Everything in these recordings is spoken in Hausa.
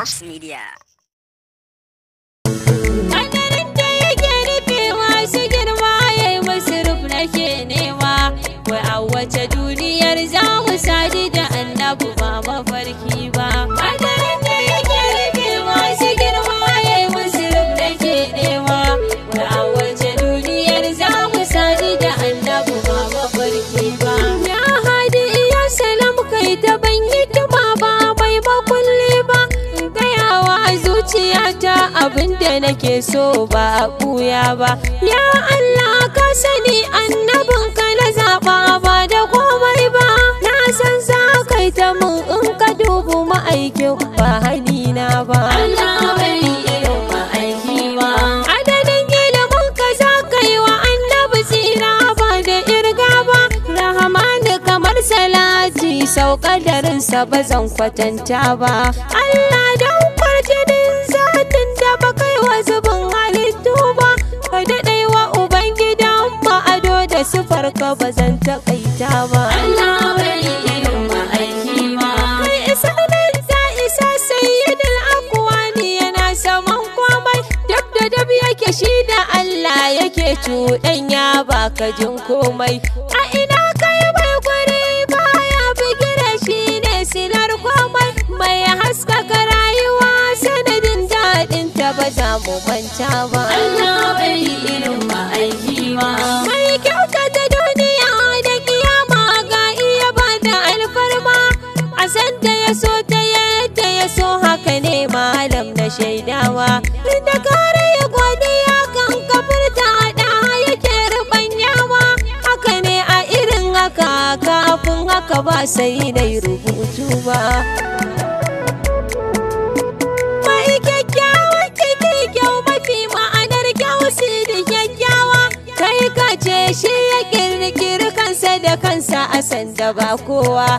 House Media. da nake so ba a ɓuya ba ya Allah ka sani annabin ka na zaɓa ba da komai ba na san za yi ta mun in ka dubu ma'aikin ba hani na ba sau kadarinsa ba zan kwatanta ba Allah ka ba zan takaita ba Allah bai irin ma aiki ma mai isa nan ta isa sayyidul akwani yana saman komai dab da dab yake shi da Allah yake cuɗanya ba ka jin komai a ina kai bai guri baya bigira shi ne sinar komai mai haskaka rayuwa sanadin daɗin ta ba za mu manta ba Allah bari so ta yadda ya so haka ne malam na shaidawa inda kare ya godiya kan kafar ta hada yake rubanyawa haka ne a irin haka kafin haka ba sai dai rubutu ba mai kyakkyawa mafi ma'anar kyau kyakkyawa shi ya kirkiri kansa da kansa a sanda ba kowa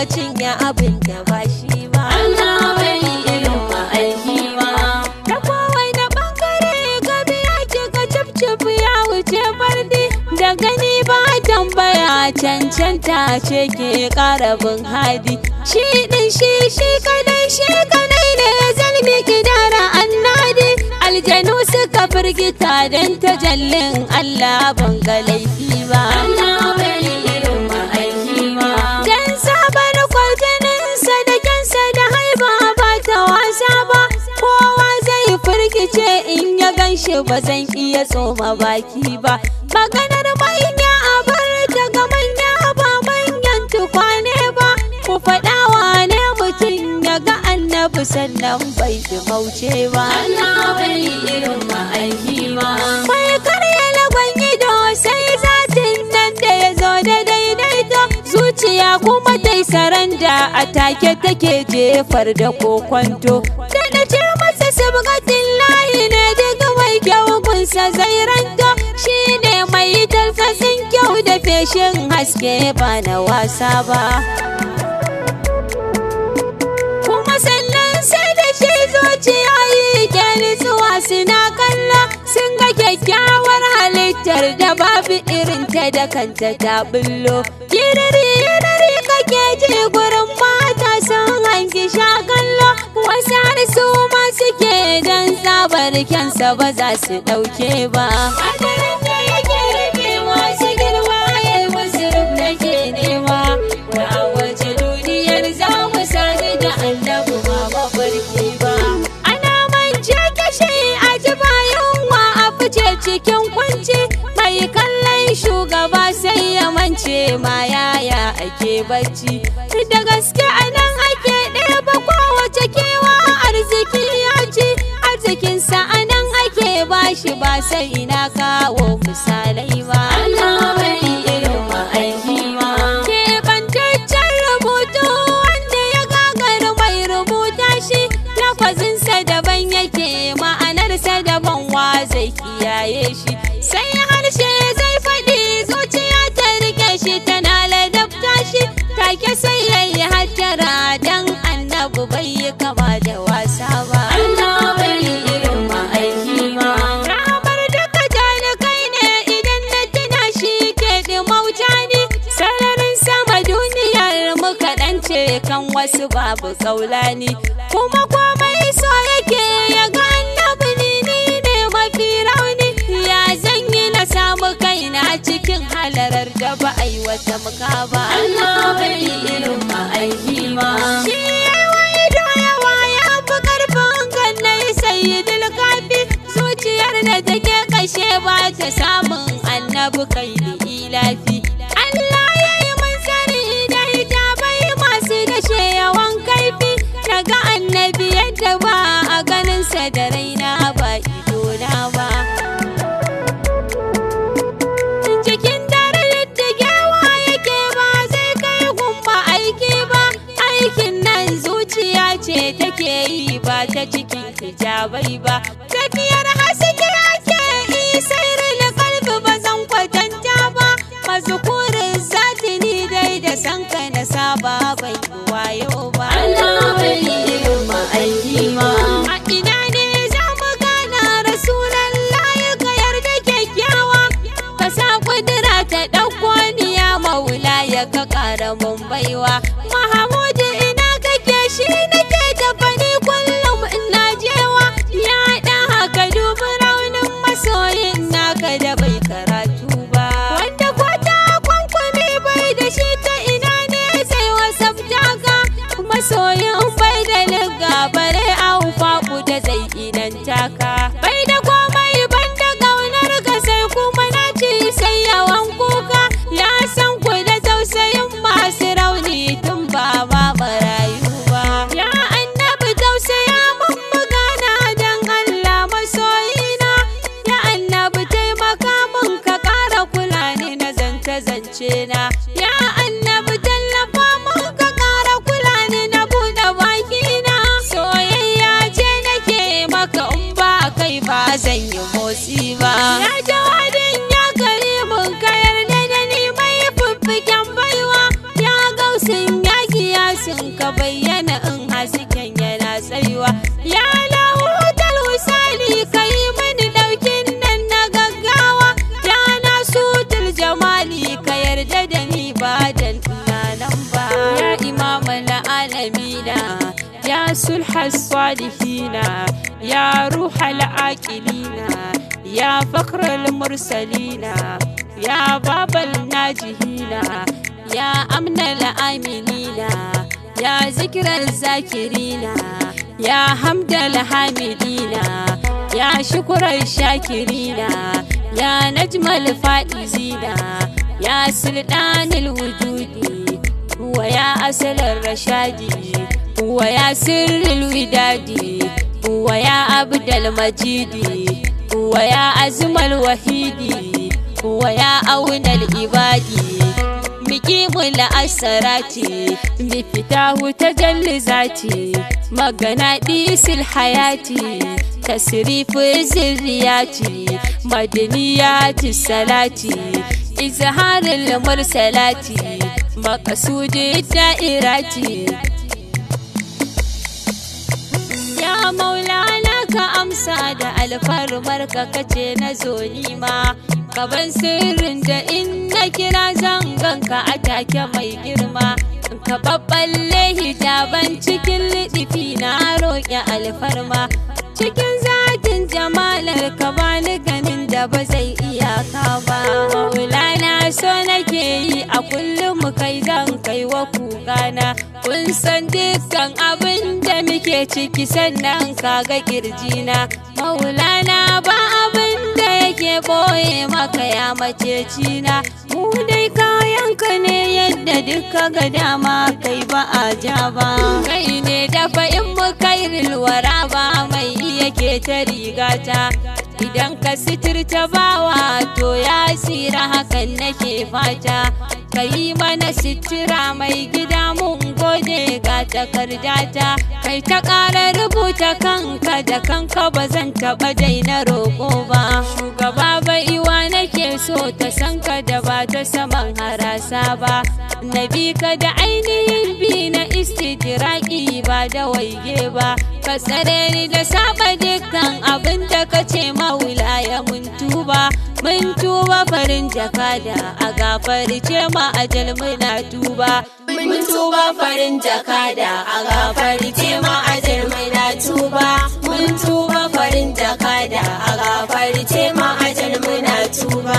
kuma cinya abin da ba shi ba. Allah bai irin ma'aiki ba. Da kowai da bangare gabi ya ce ka cif ya wuce fardi. Da gani ba tambaya cancanta ce ke karabin hadi. Shi ɗin shi shi kadai shi kadai ne ya gida kidara annadi. Aljanu suka firgita don tajallin Allah ban ga laifi ba. Allah bai irin ma'aiki ce ba zan iya tsoma baki ba maganar manya a bar daga manya ba manyan tukwane ba ku faɗa wane mutum ya ga annabi sannan bai fi mauce ba irin sai nan da ya zo da zuciya kuma dai saranda a take take jefar da kokwanto da ce masa sabgatin layi ne duk kyau kunsa zai shi ne mai talfasin kyau da feshin haske ba na wasa ba kuma sannan sai da shi zuciya yi zuwa suna kalla sun ga kyakkyawar halittar da babu irinta da kanta ta bullo kiriri kake ji gurin mata sun hangi sha dan tsabar kyansa ba za su ɗauke ba. Hakanan da yake rufe masu girma ya yi wasu nake nema. Da a waje duniyar za mu sani da annabu ma mafarki ba. Ana mance kashe a ji yunwa a fice cikin kwanci mai kallon shugaba sai ya mance ma yaya ake barci. shi ba sai ina kawo misalai ba. Allah bari irin ma'aiki ma. Kebantaccen rubutu wanda ya gagar mai rubuta shi lafazinsa daban yake ma'anarsa daban wa zai kiyaye shi. Sai harshe zai faɗi zuciya ta rike shi tana ladabta shi take sai yayi hajjara da su babu kaulani kuma komai so yake ya ga annabi ni ne mafi rauni ya zanyi na samu kaina cikin halarar da ba a yi wata muka ba Allah bai irin ma aiki ma shi yayi wani ya fi karfin gannai sayyidul kafi zuciyar da take kashe ba ta samun annabi kai ni ilafi yi ba zan yi motsi ba ya jawadin ya mun kayar da da ni mai fiffiken baiwa ya gausin ya sun ka bayyana in hasken yana tsayuwa ya lahutar husali ka yi mini daukin nan na gaggawa ya na sutar jamali ka yarda da ni ba dan nan ba ya na alamina ya sulhas salihina يا روح العاقلين يا فخر المرسلين يا باب الناجحين يا أمن الآمنين يا ذكر الذاكرين يا حمد الحامدين يا شكر الشاكرين يا نجم الفائزين يا سلطان الوجود ويا أصل الرشاد ويا سر الوداد Waya ya Abdul majidi Uwa ya azmal wahidi Uwa ya aunal ibadi mikimun la'asarati bifitahu tajalli zati magana disil hayati tasrifu zirriyati madaniyati salati izharil mursalati maqasudi da'irati amsa da alfarmar ka kace na zo nima kaban sirrin da in na kira zangon ka a take mai girma ka babballe hijaban cikin liɗifi na roƙe alfarma cikin zakin jamalar ka bani ganin da ba zai iyaka ba maulana so nake yi a kullum kai zan kai wa kugana kun san dukkan abin da muke ciki sannan kaga kirjina maulana ba abin da yake boye maka ya macecina mu dai kayanka ne yadda duka ga dama kai ba a ja ba kai ne dafa in mu kai rilwara ba mai yake ta rigata idan ka sitirta bawa to ya tsira hakan nake fata ka yi mana sitira mai gina ta kai ta ƙara rubuta kanka da kanka ba zan taɓa daina roƙo ba shugaba baiwa nake so ta san ka da ba ta saman harasa ba na bi ka da ainihin bi na istidiraki ba da waige ba ka tsare ni da saba dukkan abin da ka ce maula ya mun tuba mun tuba farin jaka da a gafarce ma ajal muna tuba mun tuba farin jaka da a gafarce ma ajal muna tuba mun tuba farin jaka da a gafarce ma na tuba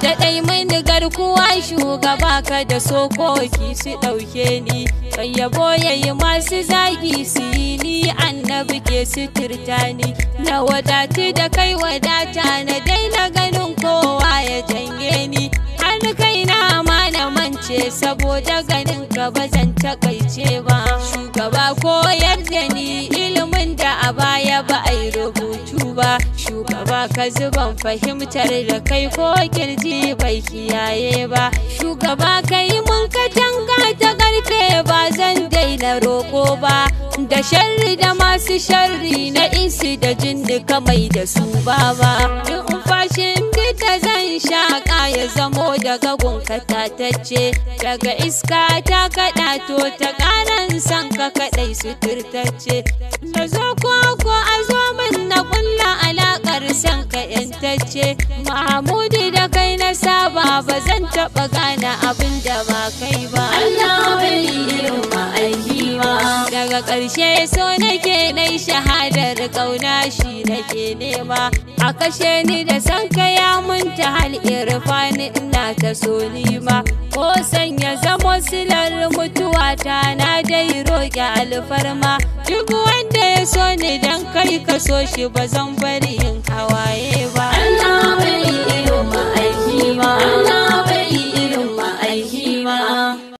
ka daɗai mini garkuwa shugaba ka da sokoki su ɗauke ni kan yabo yayi masu zagi su yi ni annabi ke suturta ni na wadatu da kai wadata na daina ganin kowa ya janye ni hannu kai na ma na mance saboda ganin ka bazan takaice ba shugaba koyar da ni ka zuban fahimtar da kai ko kirji bai kiyaye ba shugaba kai mun ka ta karfe ba zan daina roko ba da sharri da masu sharri na isi da jin duka mai da su ba ba fashin da zan shaka ya zamo daga gunka tace daga iska ta kaɗa to ta ƙaran san ka kaɗai turtace ta zo ko a zo min na ƙulla kaunar san ka yantacce Mahmudu da kai na saba ba zan taɓa gane abin da ba kai ba Allah daga ƙarshe so nake nai shahadar ƙauna shi nake nema a kashe ni da san kaya mun ta hal irfani ina ta so nima ko san ya zamo silar mutuwa ta na dai roƙi alfarma duk wanda ya so ni dan kai ka so shi ba zan bari in hawaye ba Allah bai ma ma'aiki ba Allah bai